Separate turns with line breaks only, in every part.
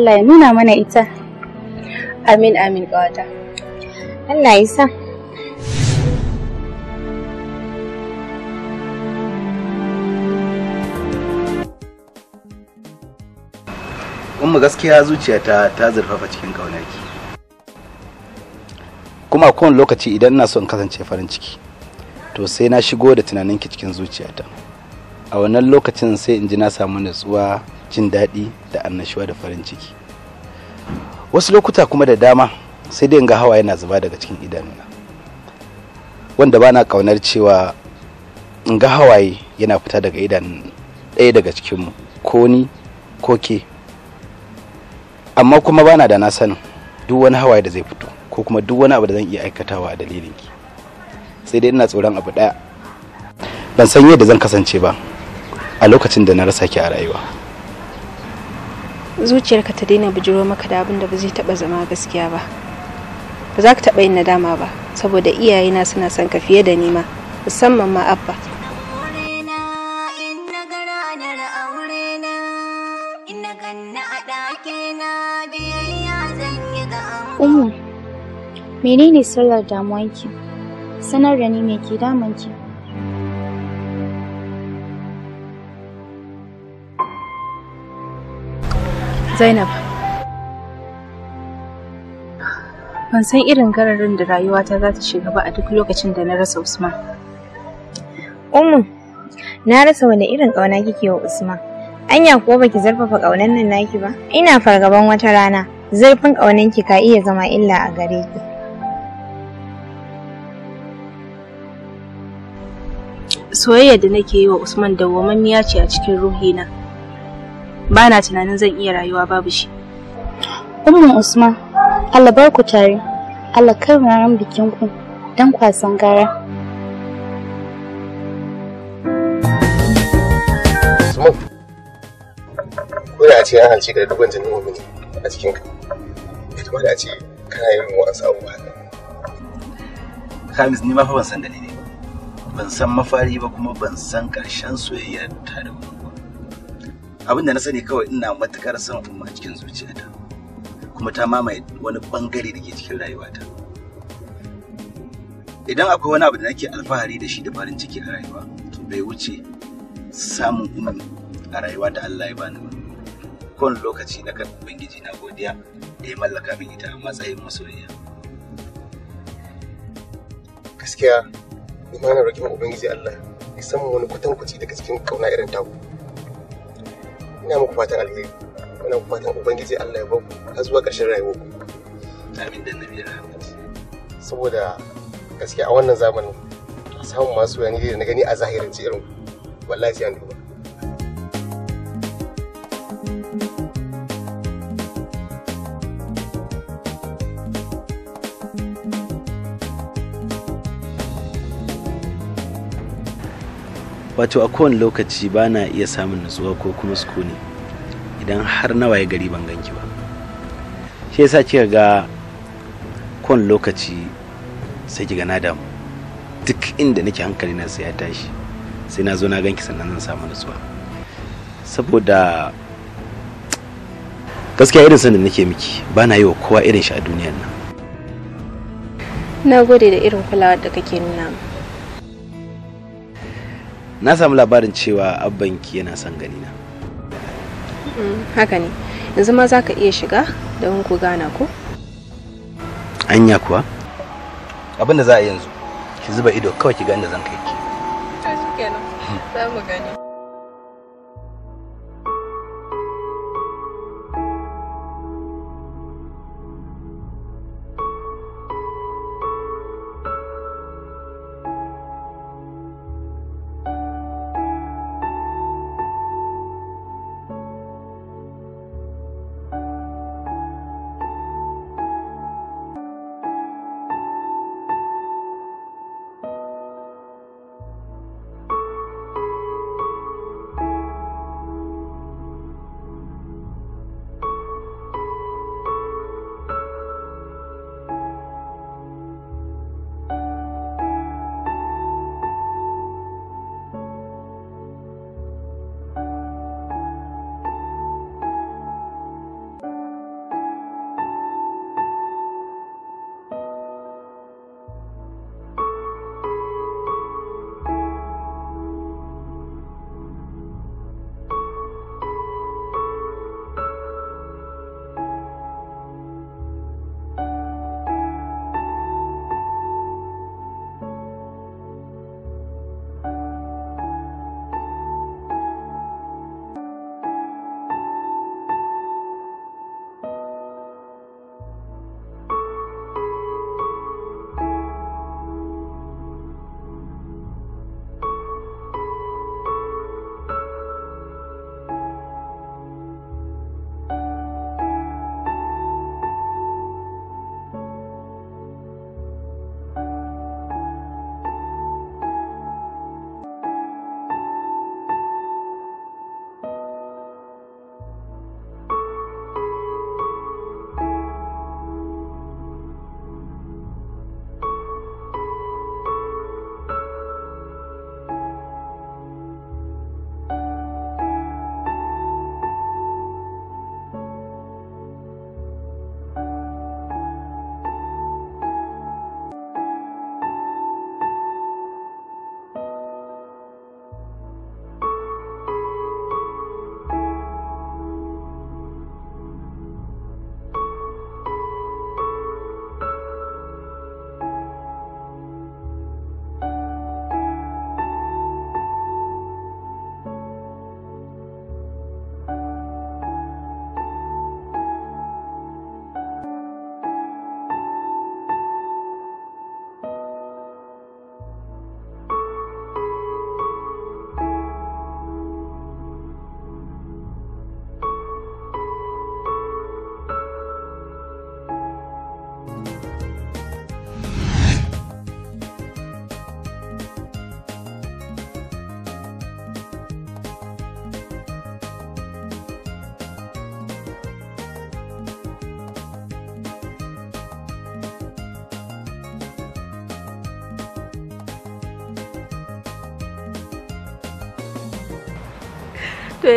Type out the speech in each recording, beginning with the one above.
Allah ya nuna mana ita amin amin ƙawata Allah ya sa
umma gaskiya zuciyata ta zurfafa cikin ki. kuma kowane lokaci idan ina son in kasance farin ciki to sai na shigo da tunaninki cikin zuciyata a wannan lokacin sai in ji na samu natsuwa jin daɗi da annashuwa da farin ciki wasu lokuta kuma da dama sai dai ga hawa yana zuba daga cikin idanuna wanda ba na ƙaunar cewa in ga hawaye yana fita daga idan ɗaya daga cikinmu ko ni ko ke amma kuma bana da na sanin duk wani hawaye da zai fito ko kuma duk wani abu da zan iya aikatawa a ki, sai dai ina tsoron abu ɗaya ban san yadda zan kasance ba a lokacin da na rasa ki a rayuwa
zuciyarka ta daina bijiro maka da abin da ba zai taba zama gaskiya ba ba za ka taba yin nadama ba saboda iyayena suna son ka fiye da nima musamman ma abba Umu, menene sallar damuwanki? Sanar da ni me ke damanki? Zainab. Ban san irin gararin da rayuwata za ta shiga ba a duk lokacin da na rasa Usman. Ummu, na rasa wani irin ƙauna kike wa Usman. Anya kuwa baki zarfafa ƙaunan nan naki ba? Ina fargaban wata rana, zarfin ƙaunanki ka iya zama illa a gare ki. Soyayya da nake yi wa Usman dawwamammiya ce a cikin ruhina. ba na tunanin zan iya rayuwa babu shi
Umar usman allah ba ku tare allah kai ranar bikin ku dan kwasan gara usman ko da a ce an hanci ka da jinin mu ne a cikin ka ma da a ce kana yin wa'ansu abubuwa Hamis ni ma fa ban san dalili ban san mafari ba kuma ban san karshen soyayyar ta da mu abin da na sani kawai ina matukar son umma cikin zuciyata kuma ta mamaye wani bangare da ke cikin rayuwata idan akwai wani abu da nake alfahari da shi da farin ciki a rayuwa to bai wuce samun umma a rayuwa da Allah ya bani ba kowane lokaci na kan ubangiji na godiya da ya mallaka min ita a matsayin masoyiya gaskiya imanin roƙin ubangiji Allah ya samu wani kwatankwaci daga cikin kauna irin taku ina muku fatan alheri ina muku fatan ubangiji Allah ya ba ku har zuwa ƙarshen rayuwar ku amin da nabi saboda gaskiya a wannan zamanin samun masu yanni da na gani a zahirin irin wallahi sai an duba wato a kowane lokaci ba na iya samun nutsuwa ko kuma sukuni idan har na waye gari ban ganki ba shi yasa kika ga kowane lokaci sai kiga na damu duk inda nake hankali na sai ya tashi sai na zo na ganki sannan zan samu nutsuwa saboda gaskiya irin sanda nake miki ba na yi wa kowa irin shi a duniyar nan
na gode da irin kulawar da kake nuna mu
na samu labarin cewa abbanki yana son gani na
mm, haka ne yanzu ma za ka iya shiga don ku gana ko
anya kuwa abinda za a yanzu ki zuba ido kawai ki ga inda zan kai ki
hmm. za mu gani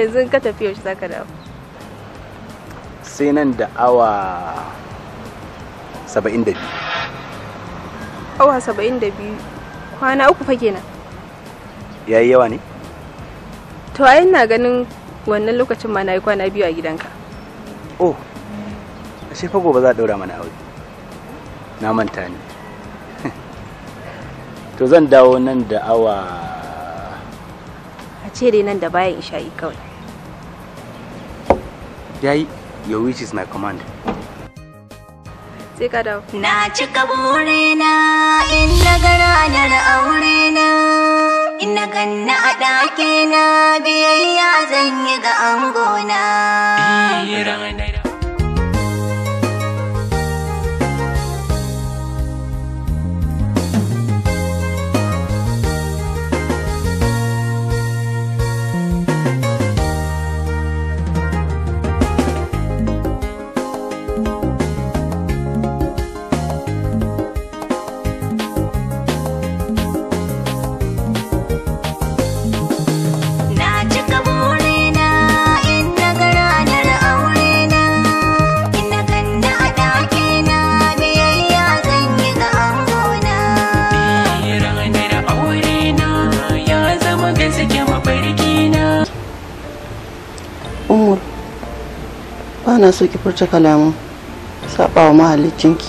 yanzu ka tafi yaushe zaka dawo
sai nan da awa 72 da biyu
awa 72 da biyu kwana uku fa kenan yayi yawa ne to ai ina ganin wannan lokacin ma na yi kwana biyu a gidanka
oh ashe fa gobe za a daura mana aure na manta ne to zan dawo nan da awa
a ce dai nan da bayan isha'i kawai
yayi your wish is my command
Take it out. na chika burina in na ga ranar aurena in na inna ganna ada ke na biya yi ga angona
ranar
ana na so ki furta kalamu saba wa mahallicinki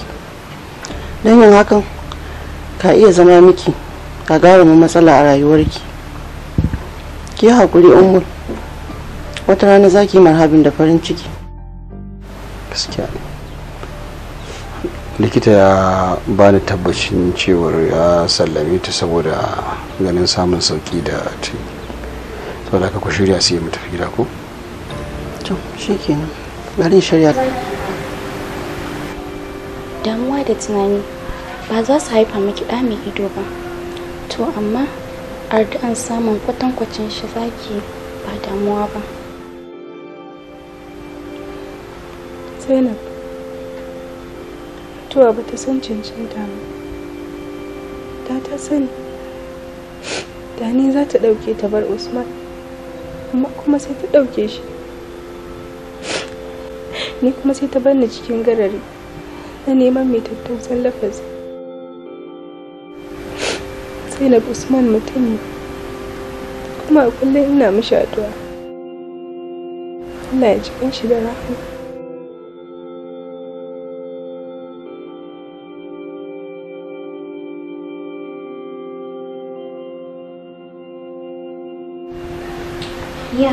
don yin hakan ka iya zama miki ka mu matsala a rayuwarki ki hakuri umul wata rana za ki marhabin da farin ciki
gaskiya likita ya ba ni tabbacin cewar ya sallame ta saboda ganin samun sauki da ta saboda ku shirya sai mu tafi gida ko
to bari shirya
damuwa da tunani ba za su haifa miki ɗa mai ido ba to amma ardu'an samun kwatankwacin shi zaki ba damuwa ba zainab tuwa ba ta san cancanta ba ta ta sani da za ta ɗauke ta bar usman amma kuma sai ta ɗauke shi ni kuma sai ta bar ni cikin garari na neman mai tattausan lafazi zainab usman mutum ne kuma a kullum ina mishi addu'a Allah ya cikin shi da rahama Ya,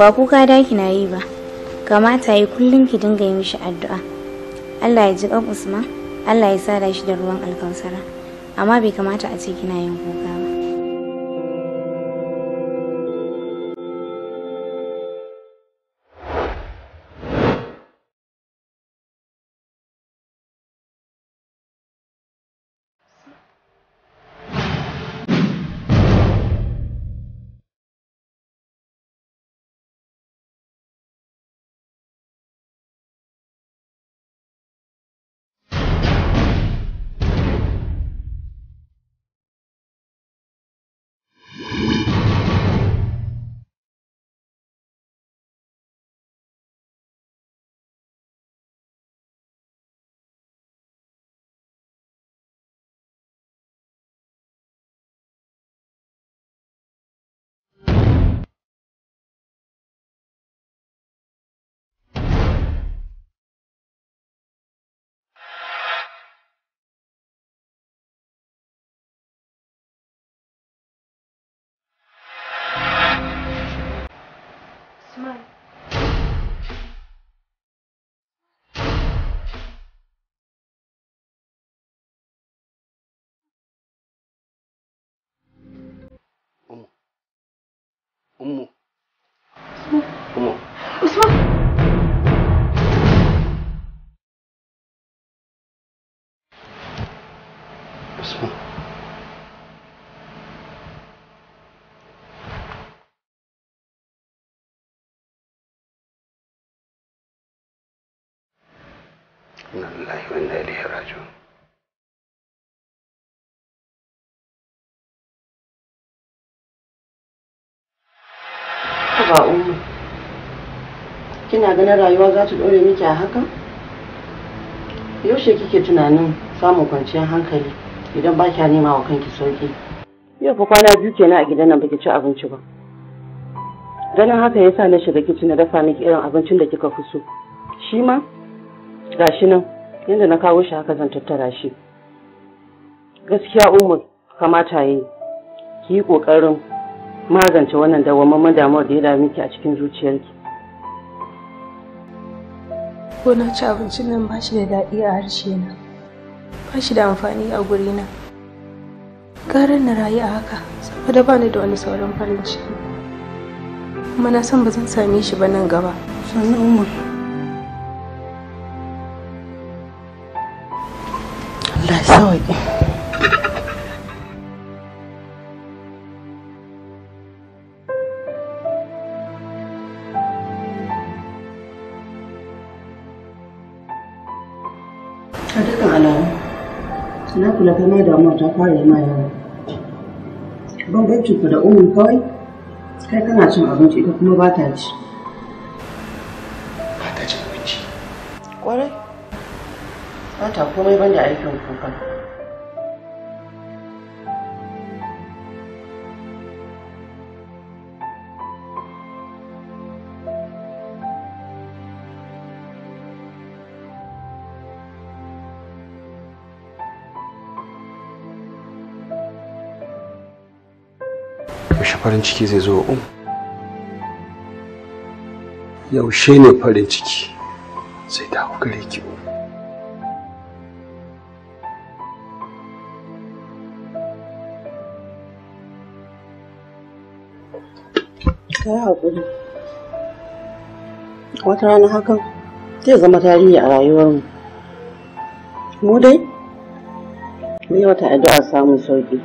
ba kuka daki na yi ba kamata yi kullum ki dinga yi mishi addu'a Allah ya ji kan Usman Allah ya sada shi da ruwan alkausara amma bai kamata a ce kina yin kuka ba
inna lillahi wa inna ilaihi ba kina ganin rayuwa za ta ɗore miki a haka yaushe kike tunanin samun kwanciyar hankali idan ba kya nema wa kanki sauki yau fa kwana biyu kenan a gidan nan baki ci abinci ba ganin haka yasa na shiga kicin na dafa miki irin abincin da kika fi so shi ma gashi nan yadda na kawo shi haka zan tattara shi gaskiya ummu kamata yi ki yi ƙoƙarin magance wannan dawwammamin damuwar da ya dame ki a cikin zuciyarki
ko na ci abincin nan ba shi da daɗi a harshe na ba shi da amfani a na ƙarar na rayu a haka saboda ba ni da wani sauran farin ciki kuma na san ba zan same shi ba nan gaba sannan umar
a
dukkan alamu na kula ta mai damuwa ta fara yi ma ban bambancin ku da umun kawai kai kana cin abinci ita kuma ba ta ci ba ta cin abinci kwarai ba ta komai ban da aikin kuka
farin ciki zai zo um yaushe ne farin ciki sai dawo gare ki um
ka wata rana hakan zai zama tarihi a rayuwarmu mu dai mu yi wata addu'a samun sauki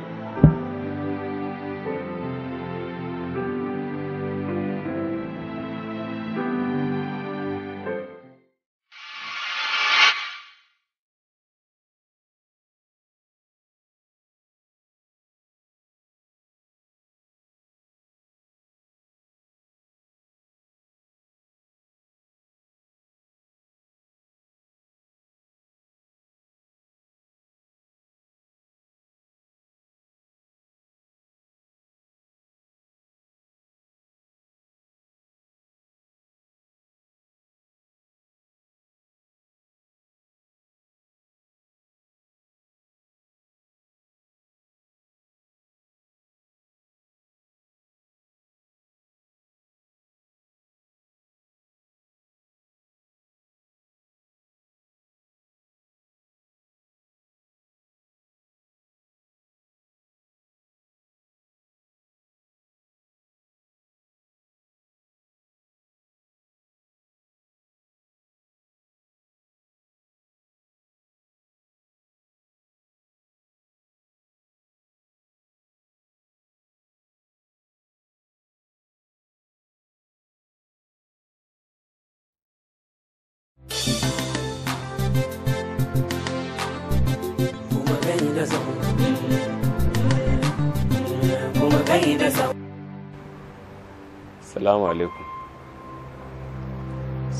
salamu alaikum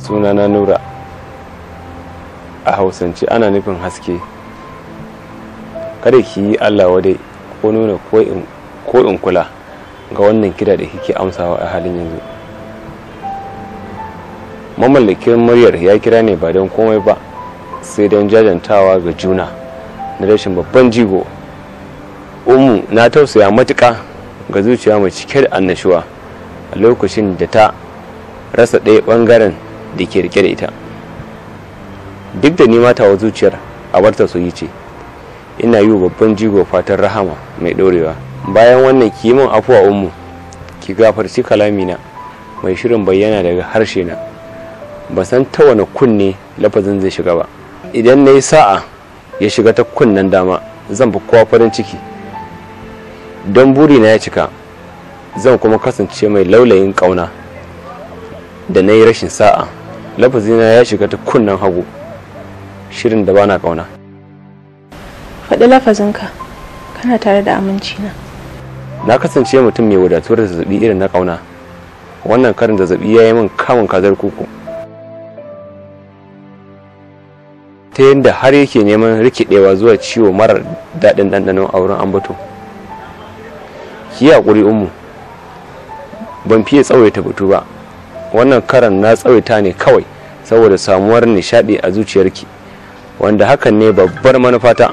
sunana nura a hausance ana nufin haske kada ki yi allah wadai ko nuna ko in kula ga wannan kira da kike amsawa a halin yanzu mamallakin muryar ya kira ne ba don komai ba sai don jajantawa ga juna na rashin babban jigo umu na tausaya matuka ga zuciya mai cike da annashuwa a lokacin da ta rasa ɗaya ɓangaren da ke rike da ita duk da nima tawa zuciyar a warta su yi ce ina yi wa babban jigo fatan rahama mai ɗorewa bayan wannan kiman afuwa umu ki gafarci kalamina mai shirin bayyana daga harshe na ba san ta wani kunne lafazin zai shiga ba idan na yi sa'a ya shiga ta kunnen dama zan fi kowa farin ciki don burina ya cika zan kuma kasance mai laulayin ƙauna da na yi rashin sa'a lafazina ya shiga ta kunnen hagu shirin da bana ƙauna
faɗi lafazinka kana tare da aminci na
na kasance mutum mai wadatuwar zazzabi irin na ƙauna wannan karin zazzabi ya yi min kamun kazar kuku ta yadda har yake neman rikidewa zuwa ciwo marar daɗin ɗanɗanon auren ambato ki haƙuri umu ban fiye tsawaita batu ba wannan karan na tsawaita ne kawai saboda samuwar nishaɗi a zuciyarki wanda hakan ne babbar manufata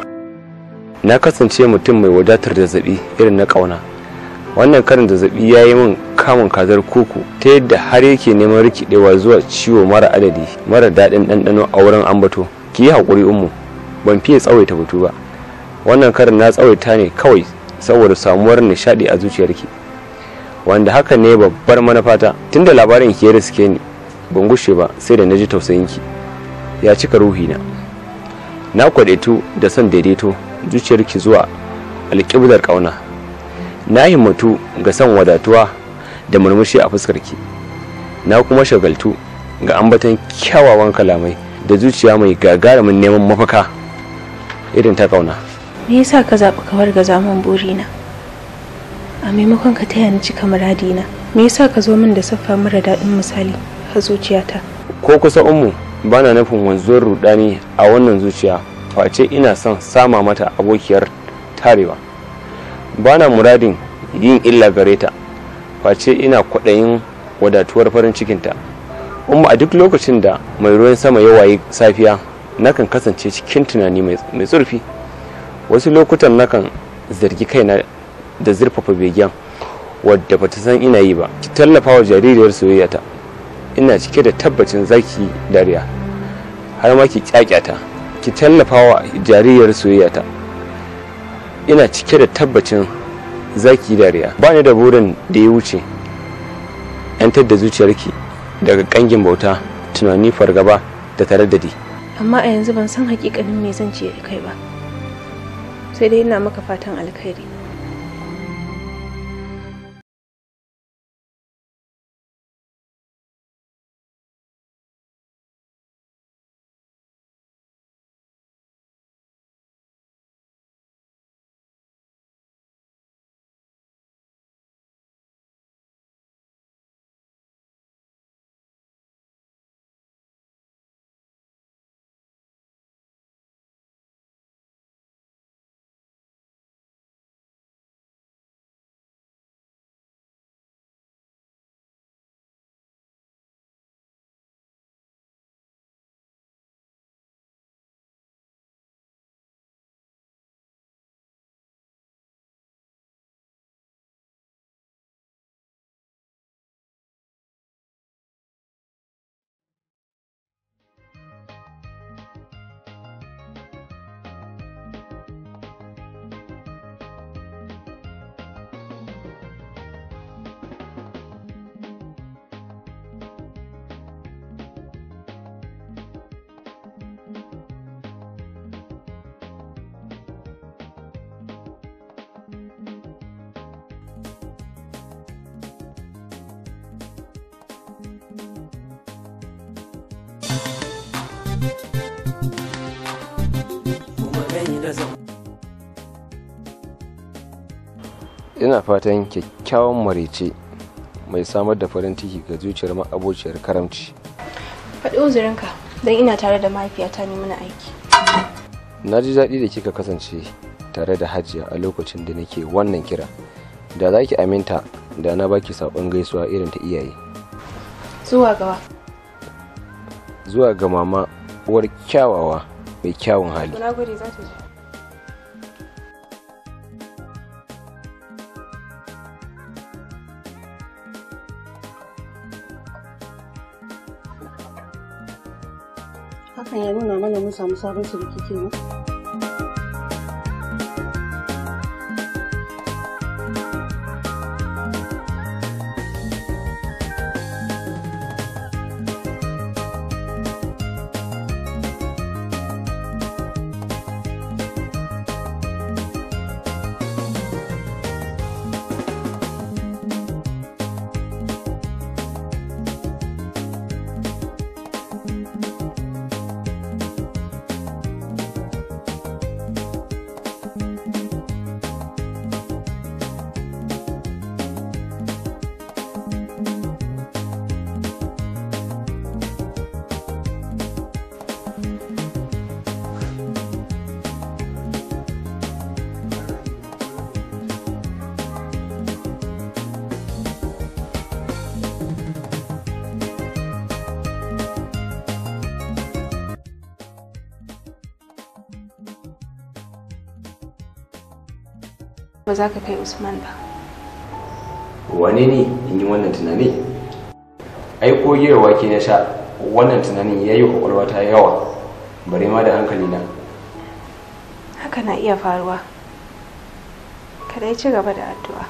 na kasance mutum mai wadatar zazzabi irin na ƙauna wannan karin zazzabi ya yi min kamun kazar kuku ta yadda har yake neman rikidewa zuwa ciwo mara adadi mara daɗin ɗanɗano a wurin ambato ki yi haƙuri ummu ban fiye tsawaita batu ba wannan karin na tsawaita ne kawai saboda samuwar nishaɗi a zuciyarki wanda haka ne babbar manufata tunda labarin ki ya riske ni ban gushe ba sai da na ji ki. ya cika ruhina na kwadaitu da son daidaito zuciyarki zuwa alƙiblar ƙauna na himmatu ga son wadatuwa da murmushi a fuskarki na kuma shagaltu ga ambatan kyawawan kalamai da zuciya mai gagarumin neman mafaka irin ta kauna
me yasa ka zaɓi kawar ga zaman burina a maimakon ka taya ni cika muradina me yasa ka zo min da saffa mara daɗin misali a zuciyata
ko kusa ummu bana nufin wanzuwar rudani a wannan zuciya face ina son sama mata abokiyar tarewa bana muradin yin illa gare ta face ina kwaɗayin wadatuwar farin cikinta umma a duk lokacin da mai ruwan sama ya waye safiya nakan kasance cikin tunani mai zurfi wasu lokutan nakan zargi kaina da zurfafa begen wadda ba ta san ina yi ba ki tallafa wa jaririyar soyayyata ina cike da tabbacin zaki dariya har ma ki kyakyata ki tallafa wa jaririyar soyayyata ina cike da tabbacin zaki dariya ba ni da burin da ya wuce 'yantar da zuciyarki daga kangin bauta tunani fargaba da taraddadi
amma a yanzu ban san hakikanin me zan ce kai ba sai dai ina maka fatan alkhairi
ina fatan kyakkyawan marece mai samar da farin ciki ga zuciyar ma'abociyar karamci
faɗi uzurinka don ina tare da mahaifiyata ne muna aiki
na ji daɗi da kika kasance tare da hajiya a lokacin da nake wannan kira da za ki aminta da na baki saƙon gaisuwa irin ta iyaye zuwa gawa zuwa ga mama uwar kyawawa mai kyawun hali
hakan ya nuna mana mun samu sabon su rikici ne
ba za ka kai usman ba
wane ne in yi wannan tunani ai ko yewa ke na sha wannan tunanin ya yi kwakwalwa ta yawa bare ma da hankali na
haka na iya faruwa Kada ya ci gaba da addu'a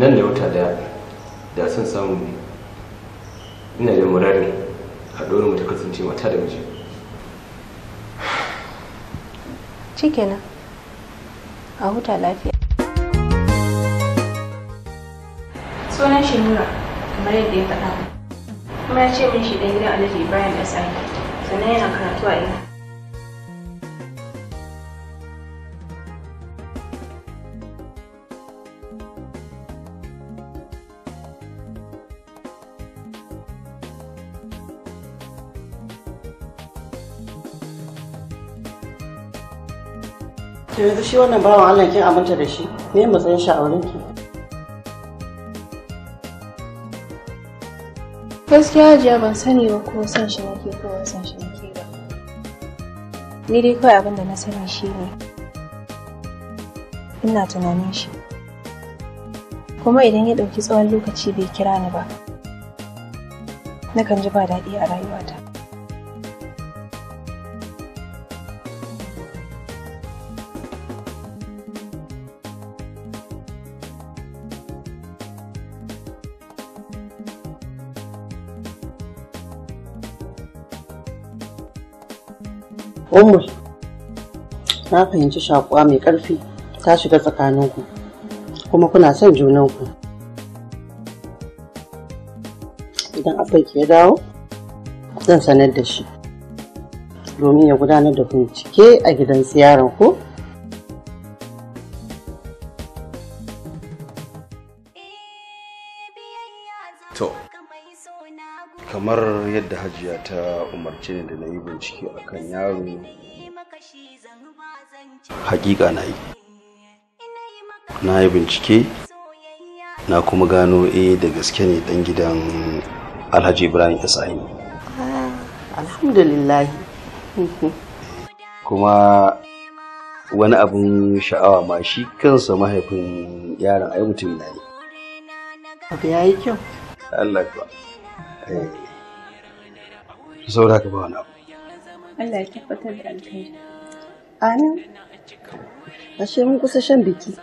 nan da wata da da son samu ne ina da ne, a ɗorin mu ta kasance mata da miji
shikenan a huta lafiya sunan shi nura kamar yadda ya faɗa kuma ya ce min shi ɗan gidan alhaji ibrahim da sani sannan yana karatu a ina
yanzu shi wannan bawan Allah kin aminta da shi, me matsayin shi a wurin ki?
Gaskiya jiya ban sani ba ko san shi nake ko ban san shi nake ba. Ni dai kawai abin da na sani shi ne. Ina tunanin shi. Kuma idan ya ɗauki tsawon lokaci bai kira ni ba, Na kan ji ba daɗi a rayuwata.
Umar, na fahimci shakuwa mai ƙarfi ta shiga tsakaninku, kuma kuna son junanku. Idan ke ya dawo, zan sanar da shi, domin ya gudanar da bincike a gidan siyaranku.
ko?
yadda hajiya ta umarci ne da na yi bincike akan yaro hakika na yi na yi bincike na kuma gano e da gaske ne dan gidan alhaji ibrahim isa'in
ah, alhamdulillah
kuma wani abin sha'awa ma shi kansa mahaifin yaron ai mutum na yi
abu ya yi kyau Allah ba saura ka ba wani abu
Allah ya tabbatar da alkhairi amin
ashe mun kusa shan biki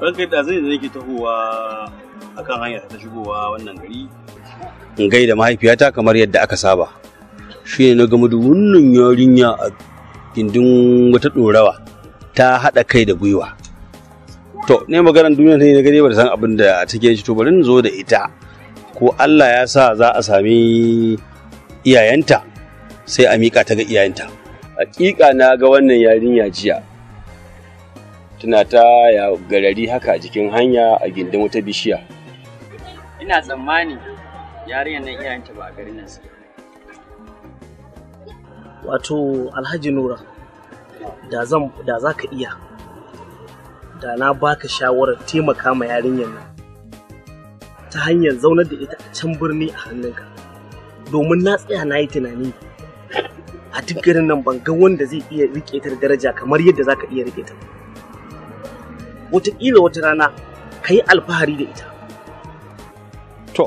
ranka da zai da nake tahowa akan hanya ta shigowa wannan gari in gaida mahaifiyata kamar yadda aka saba shi ne na gama da wannan yarinya a gindin wata ɗorawa ta haɗa kai da gwiwa to ne maganar duniya ta yi na gani ba da san abin da take shi to bari zo da ita ko Allah ya sa za a sami iyayenta sai a miƙa ta ga iyayenta hakika na ga wannan yarinya jiya tana ta ya garari haka a jikin hanya a gindin wata bishiya ina tsammani yarinyar nan iyayenta ba a garin nan wato alhaji nura da zan da za ka iya da na baka shawarar taimaka ma yarinyar nan ta hanyar zaunar da ita a can birni a hannunka domin na tsaya na yi tunani a duk garin nan ban ga wanda zai iya riƙe ta daraja kamar yadda za ka iya rike ta watakila wata rana ka yi alfahari da ita to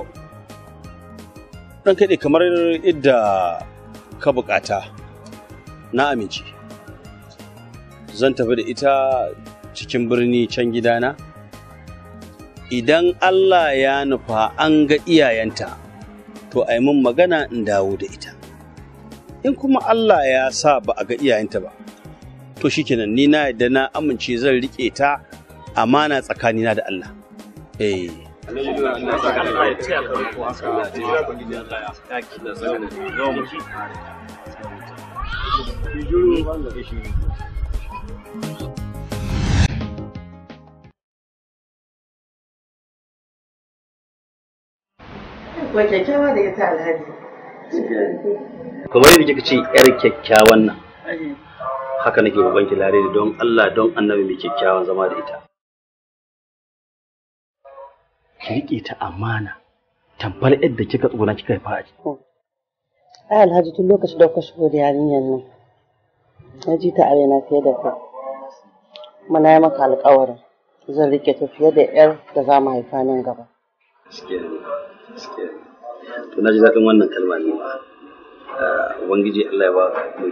ɗan kaɗe kamar idda ka buƙata na amince zan tafi da ita cikin birni can gidana idan Allah ya nufa an ga iyayenta to a yi magana in dawo da ita in kuma Allah ya sa ba a ga iyayenta ba to kenan ni na yadda na amince zan riƙe ta amana tsakanina da Allah eh
Wace
kyawa da ita alhaji?
Kamar yadda kika ce 'yar kyakkyawan nan. Haka nake babanki lare don Allah don annabi mai kyakkyawan zama da ita. ki rike ta amana tambar yadda kika tsona kika fa a ciki.
Hmm. Ai Alhaji tun lokacin da kuka shigo da yarinyar nan na ji ta arena fiye da ka Kuma na yi maka alƙawarin zan riƙe ta fiye da ƴar da za mu haifa nan gaba.
To na ji daɗin wannan kalma ne ma. Ah, Ubangiji Allah ya ba ku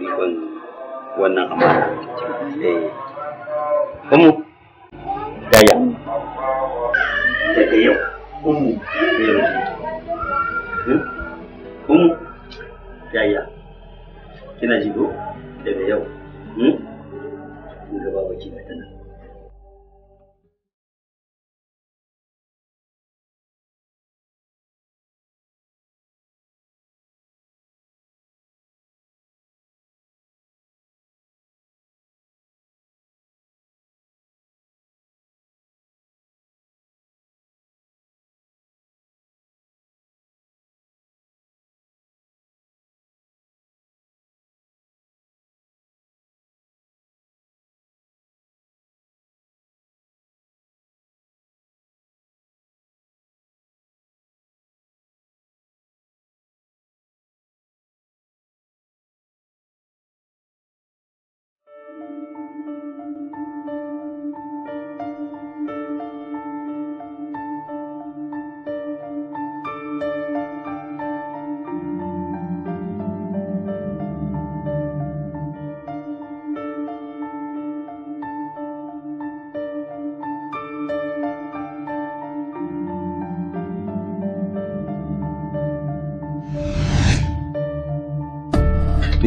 wannan amana. Eh. Kuma daga yau ummu da yau hmm? ummu yaya kina jigo daga yau hmm?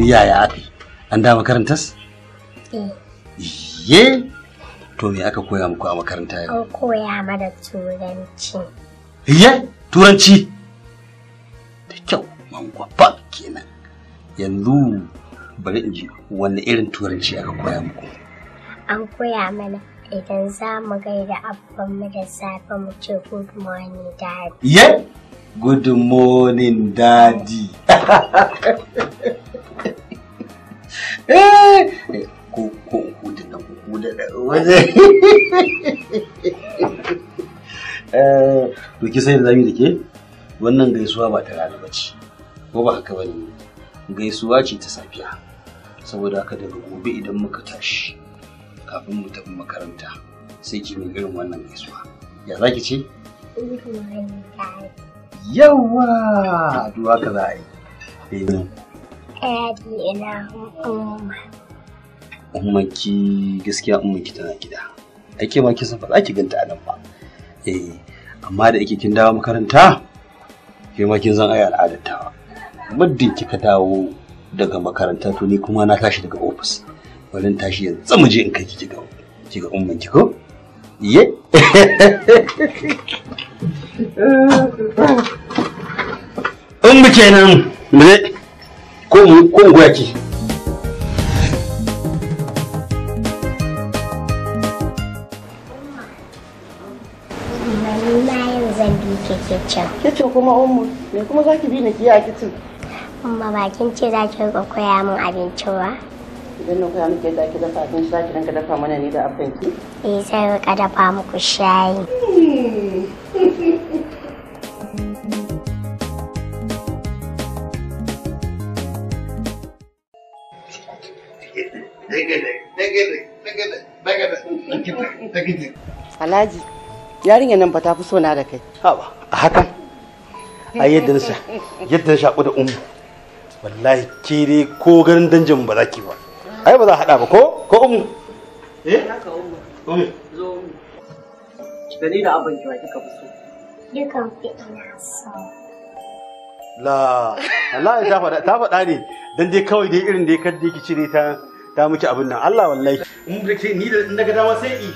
Iya ya, Anda Anda da makarantas? Ye? To me aka koya muku a makaranta yau?
An koya mana turanci.
Ye? Turanci? Da kyau, mangwaba kenan. Yanzu bari in ji wani irin turanci aka koya muku.
An koya mana idan za mu gaida mu da safe mu ce good morning daddy.
Ye? Good morning daddy.
Eh,
waje eh, eh, to ki sai da zabi da ke wannan gaisuwa ba ta rana bace ko ba haka bane gaisuwa ce ta safiya saboda haka daga gobe idan muka tashi kafin mu tafi makaranta sai ki min irin wannan gaisuwa ya zaki ce yawa duwa ka za a yi ina
umma
ummaki gaskiya ummaki tana gida ake ma kisan ba za ki ganta a nan ba eh amma da yake kin dawo makaranta ke ma kin zan ai al'adar ta muddin kika dawo daga makaranta to ni kuma na tashi daga ofis wajen tashi yanzu zan je in kai ki ga ki ga ummaki ko ye ummu kenan mu ko mu ko goya ki
ke can. kuma me
kuma zaki bi ni kiya kicin?
ce za ki riƙa koya min abinci wa.
Idan na koya miki yadda dafa abinci za ki rinka dafa mana ne da abinci?
Eh zai riƙa dafa muku shayi.
Alhaji. yarinyar nan ba ta fi sona da kai haba a hakan
a yadda na yadda na shaƙu da umu wallahi ke dai ko garin danjin ba za ki ba
ai ba za a haɗa ba ko ko umu eh umu zo da ni da abin kiwa kika fi so
dukan fi ina so
la Allah ya faɗa ta faɗa ne dan dai kawai dai irin da ya kaddi ki cire ta ta miki abin nan Allah wallahi ke ni da na ga dama sai i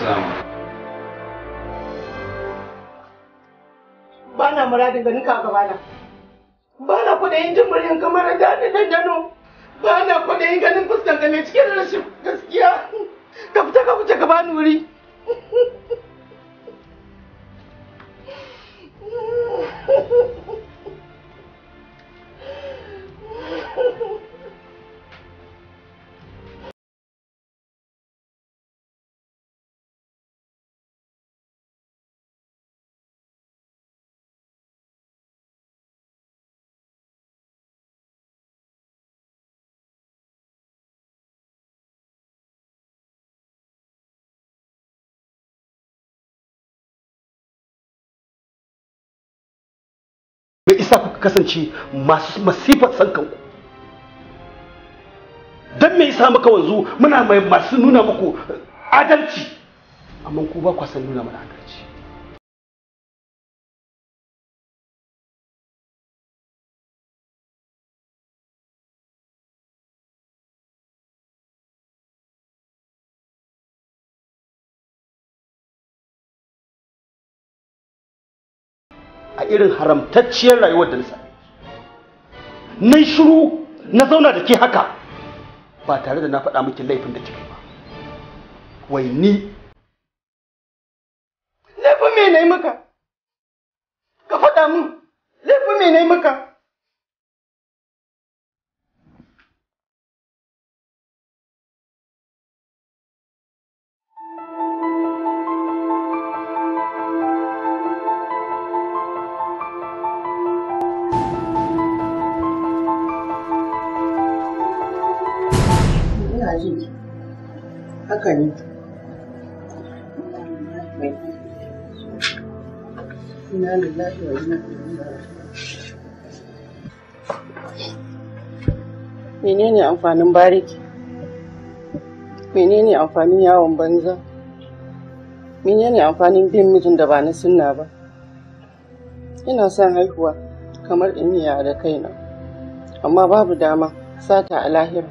Assalamu Ba na muradin ganin ka gaba na. Ba na kudayin jin muryan kamar da ni dandano. Ba na kudayin ganin fuskan ka mai cikin da rashin gaskiya. Ka fita ka wuce ka bani wuri.
yasa kuka kasance masu masifar san
kanku dan me yasa muka wanzu muna mai masu nuna muku adalci amma ku ba ku nuna mana adalci a irin haramtacciyar rayuwar da na yi na shiru na zauna da ke haka ba tare da na faɗa miki laifin da cikin ba wai ni
laifin me na yi maka
ka faɗa min laifin me na yi maka
haka ne menene amfanin bariki menene amfanin yawon banza menene amfanin bin mijin da ba na sunna ba ina son haihuwa kamar in yi da kaina amma babu dama sata a lahira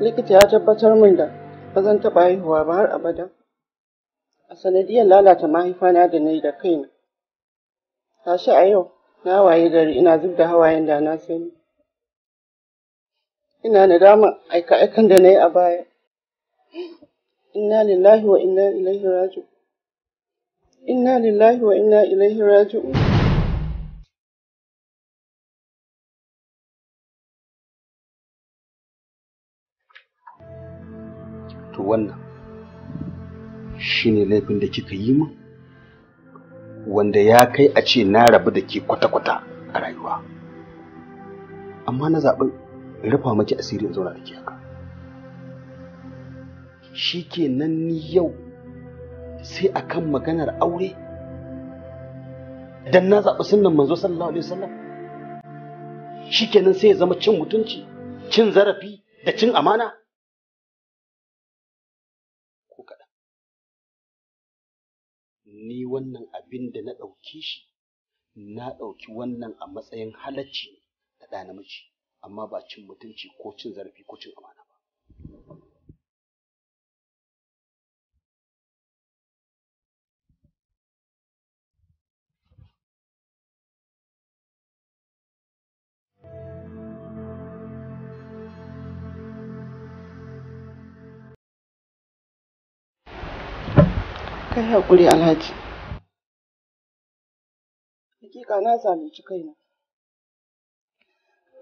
likita ya tabbatar min da ba zan taɓa haihuwa ba har abada. A sanadiyar lalata mahaifana da na yi da kaina. Tashi a yau, na waye gari ina zub da hawayen da na sani.
Ina nadama aika-aikan da na yi a baya. Inna lillahi wa inna ilaihi raji'un. Inna lillahi
wa inna ilaihi raji'un.
wannan shine laifin da kika yi min wanda ya kai a ce na rabu da ke kwata-kwata a rayuwa amma na zaɓi rufa maki asiri in zauna da ke haka shi ke nan ni yau sai akan maganar aure dan na zaɓi sunan manzo sallallahu alaihi wasallam shi ke nan sai ya zama cin mutunci cin zarafi da cin amana wannan abin da na ɗauki shi na ɗauki wannan a matsayin halacci na ɗa namiji amma ba cin mutunci ko cin zarafi ko cin amana ba.
Kai haƙuri Alhaji.
hakika na zalunci kaina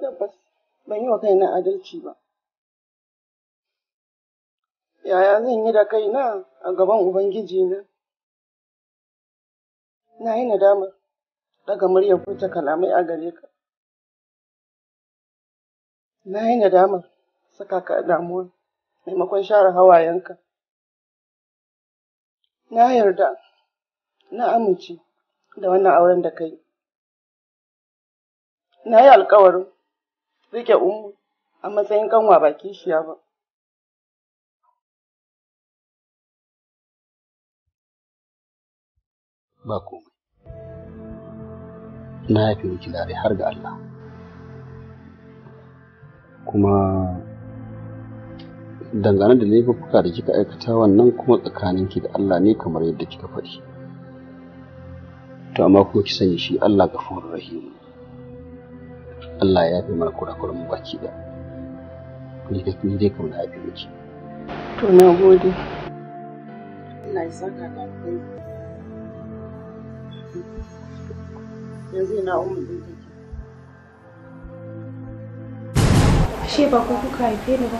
tabbas ban yi wa kaina adalci ba yaya zan yi da kaina a gaban ubangiji na na yi nadama daga muryar furta kalamai a gare ka na yi nadamar saka ka damuwa maimakon share hawayenka na yarda na amince da wannan auren da kai Na yi alkawarin
rike umu a matsayin kanwa ba kishiya ba. Ba komai.
Na haife miki lare har ga Allah. Kuma dangane da laifuka da kika aikata wannan kuma tsakaninki da Allah ne kamar yadda kika faɗi. To amma kuma ki sani shi Allah ga rahimu. Allah ya fi mana kura mu baki da ni ka ni dai kamar na fi miki
to na gode Allah ya saka da kai yanzu ina umma
Ashe ba ku kuka haife ni ba.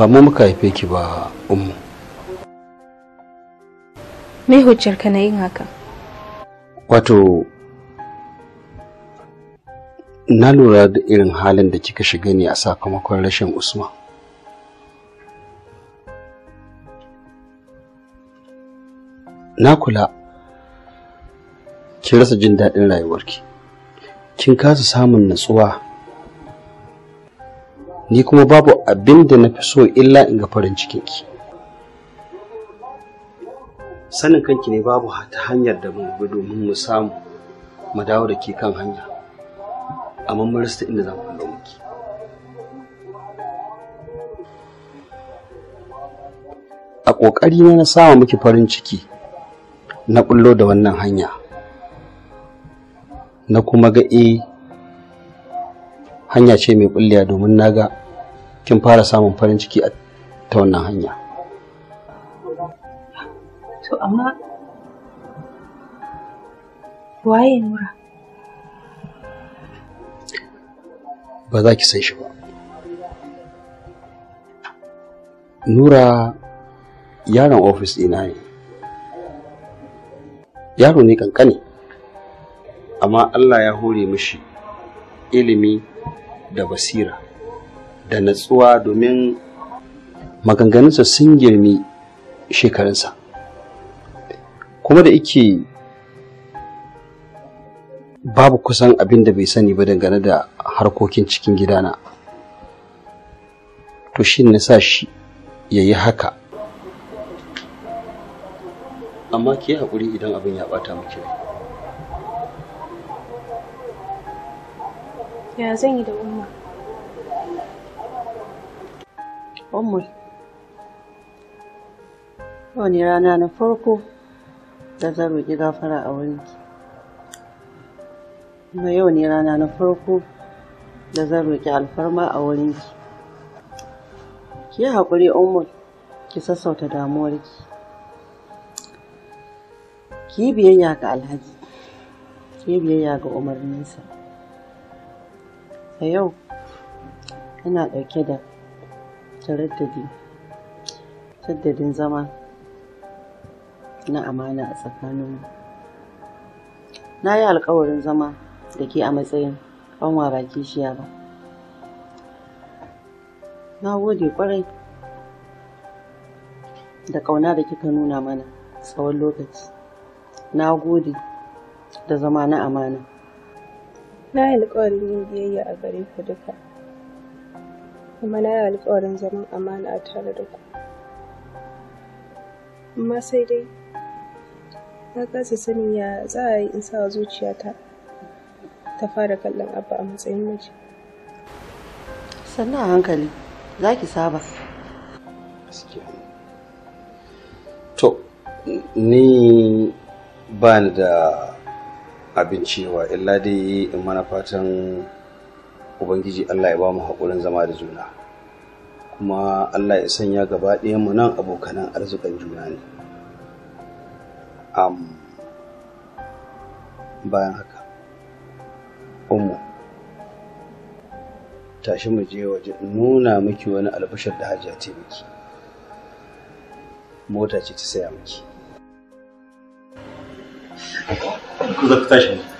ba mu muka haife ki ba ummu
me hujjar ka na yin haka
wato na lura da irin halin da kika shiga ne a sakamakon rashin usman na kula kin rasa jin daɗin rayuwarki kin kasa samun natsuwa ni kuma babu abin da na fi so illa in ga farin cikinki sanin kanki ne babu ta hanyar da mun bi domin mu samu mu dawo da ke kan hanya amma mun rasta inda zamu kullo miki a ƙoƙari na na sama miki farin ciki na kullo da wannan hanya na kuma ga e hanya ce mai kulliya domin na ga kin fara samun farin ciki a ta
wannan hanya To amma waye mura?
Ba za ki san shi ba. Nura yaron ofis ɗina ne. Yaro ne kankani, amma Allah ya hore mishi ilimi da basira da natsuwa domin maganganunsa sun girmi shekarunsa. kuma da yake babu kusan abin da bai sani ba dangane da harkokin cikin gidana to shi na sa shi ya yi haka amma ke hakuri idan abin ya ɓata miki
ne. ya zan yi da umma umma
wani rana na farko da ta roƙi gafara a wurin ki. kuma yau ne rana na farko da zan roƙi alfarma a wurin ki Ki yi haƙuri umar ki sassauta ki ki yi biyayya ga alhaji ki yi biyayya ga umarninsa a yau ina ɗauke da taraddadi taddadin zama na amana a tsakaninmu na yi alkawarin zama da ke a matsayin ƙanwa ba kishiya ba na gode kwarai da ƙauna da kika nuna mana tsawon lokaci na gode da zama na amana
na yi alkawarin yin biyayya a gare ku duka kuma na yi alkawarin zaman amana a tare da ku amma sai dai na kasa sani ya za a yi in sa zuciyata ta fara kallon abba a matsayin miji
sannan a hankali za ki saba
to ni ba ni da abinci cewa illa dai in mana fatan ubangiji allah ya ba mu haƙurin zama da juna kuma allah ya sanya gaba ɗayan mu nan abokanan arzikin juna ne um, bayan haka ummu tashi mu je waje nuna miki wani albashar da hajiya ce miki mota ce ta saya miki ku tashi